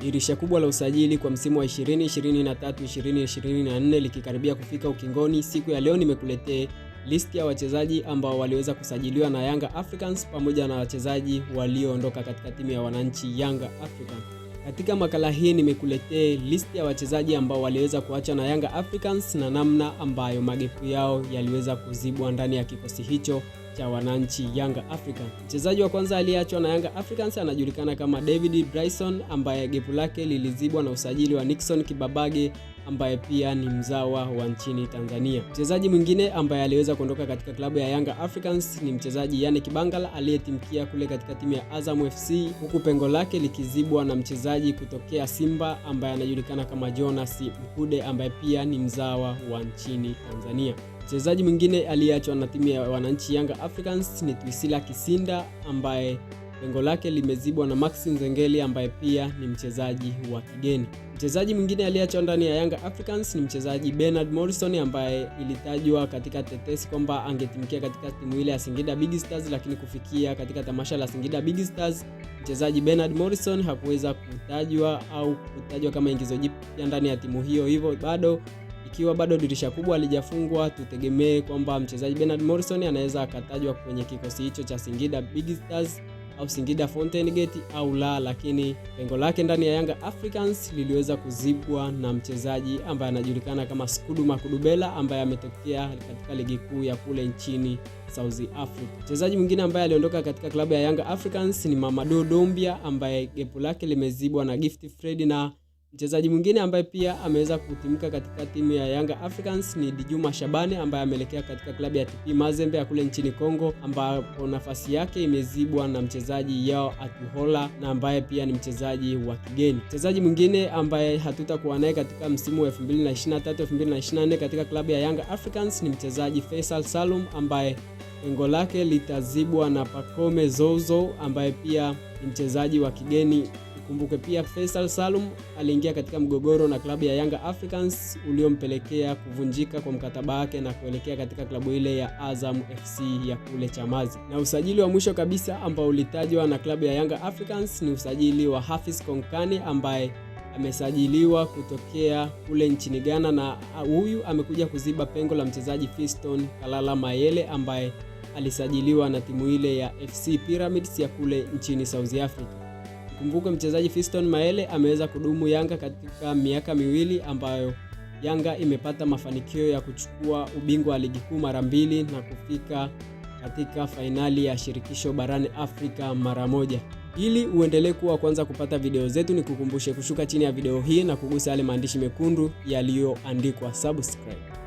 Dirisha kubwa la usajili kwa msimu wa 2023 2024 likikaribia kufika ukingoni, siku ya leo nimekuletea listi ya wachezaji ambao waliweza kusajiliwa na Yanga Africans pamoja na wachezaji walioondoka katika timu ya wananchi Yanga Africans. Katika makala hii nimekuletea listi ya wachezaji ambao waliweza kuacha na Yanga Africans na namna ambayo magepu yao yaliweza kuzibwa ndani ya kikosi hicho cha wananchi Yanga Africa. Mchezaji wa kwanza aliyeachwa na Yanga Africans anajulikana kama David Bryson ambaye gepu lake lilizibwa na usajili wa Nixon Kibabage ambaye pia ni mzawa wa nchini Tanzania. Mchezaji mwingine ambaye aliweza kuondoka katika klabu ya Yanga Africans ni mchezaji Yane Kibangala aliyetimkia kule katika timu ya Azam FC huku pengo lake likizibwa na mchezaji kutokea Simba ambaye anajulikana kama Jonas Mkude ambaye pia ni mzawa wa nchini Tanzania. Mchezaji mwingine aliyeachwa na timu ya wananchi Yanga Africans ni Twisila Kisinda ambaye lengo lake limezibwa na Maxi Nzengeli ambaye pia ni mchezaji wa kigeni. Mchezaji mwingine aliyeachwa ndani ya Yanga Africans ni mchezaji Bernard Morrison ambaye ilitajwa katika tetesi kwamba angetimkia katika timu ile ya Singida Big Stars, lakini kufikia katika tamasha la Singida Big Stars, mchezaji Bernard Morrison hakuweza kutajwa au kutajwa kama ingizo jipya ndani ya timu hiyo, hivyo bado ikiwa bado dirisha kubwa halijafungwa, tutegemee kwamba mchezaji Bernard Morrison anaweza akatajwa kwenye kikosi hicho cha Singida Big Stars au Singida Fountain Gate au la, lakini pengo lake ndani ya Yanga Africans liliweza kuzibwa na mchezaji ambaye anajulikana kama Skudu Makudubela ambaye ametokea katika ligi kuu ya kule nchini South Africa. Mchezaji mwingine ambaye aliondoka katika klabu ya Yanga Africans ni Mamadou Dombia ambaye gepu lake limezibwa na Gift Fred na Mchezaji mwingine ambaye pia ameweza kutimka katika timu ya Yanga Africans ni Dijuma shabane ambaye ameelekea katika klabu ya TP Mazembe ya kule nchini Kongo, ambapo nafasi yake imezibwa na mchezaji Yao Atuhola na ambaye pia ni mchezaji wa kigeni. Mchezaji mwingine ambaye hatutakuwa naye katika msimu wa 2023 2024 katika klabu ya Yanga Africans ni mchezaji Faisal Salum ambaye lengo lake litazibwa na Pacome Zozo ambaye pia ni mchezaji wa kigeni Kumbuke pia Faisal Salum aliingia katika mgogoro na klabu ya Yanga Africans uliompelekea kuvunjika kwa mkataba wake na kuelekea katika klabu ile ya Azam FC ya kule Chamazi. Na usajili wa mwisho kabisa ambao ulitajwa na klabu ya Yanga Africans ni usajili wa Hafiz Konkani ambaye amesajiliwa kutokea kule nchini Ghana na ah, huyu amekuja kuziba pengo la mchezaji Fiston Kalala Mayele ambaye alisajiliwa na timu ile ya FC Pyramids ya kule nchini South Africa. Kumbuke mchezaji Fiston Maele ameweza kudumu Yanga katika miaka miwili ambayo Yanga imepata mafanikio ya kuchukua ubingwa wa ligi kuu mara mbili na kufika katika fainali ya shirikisho barani Afrika mara moja. Ili uendelee kuwa kwanza kupata video zetu, ni kukumbushe kushuka chini ya video hii na kugusa yale maandishi mekundu yaliyoandikwa subscribe.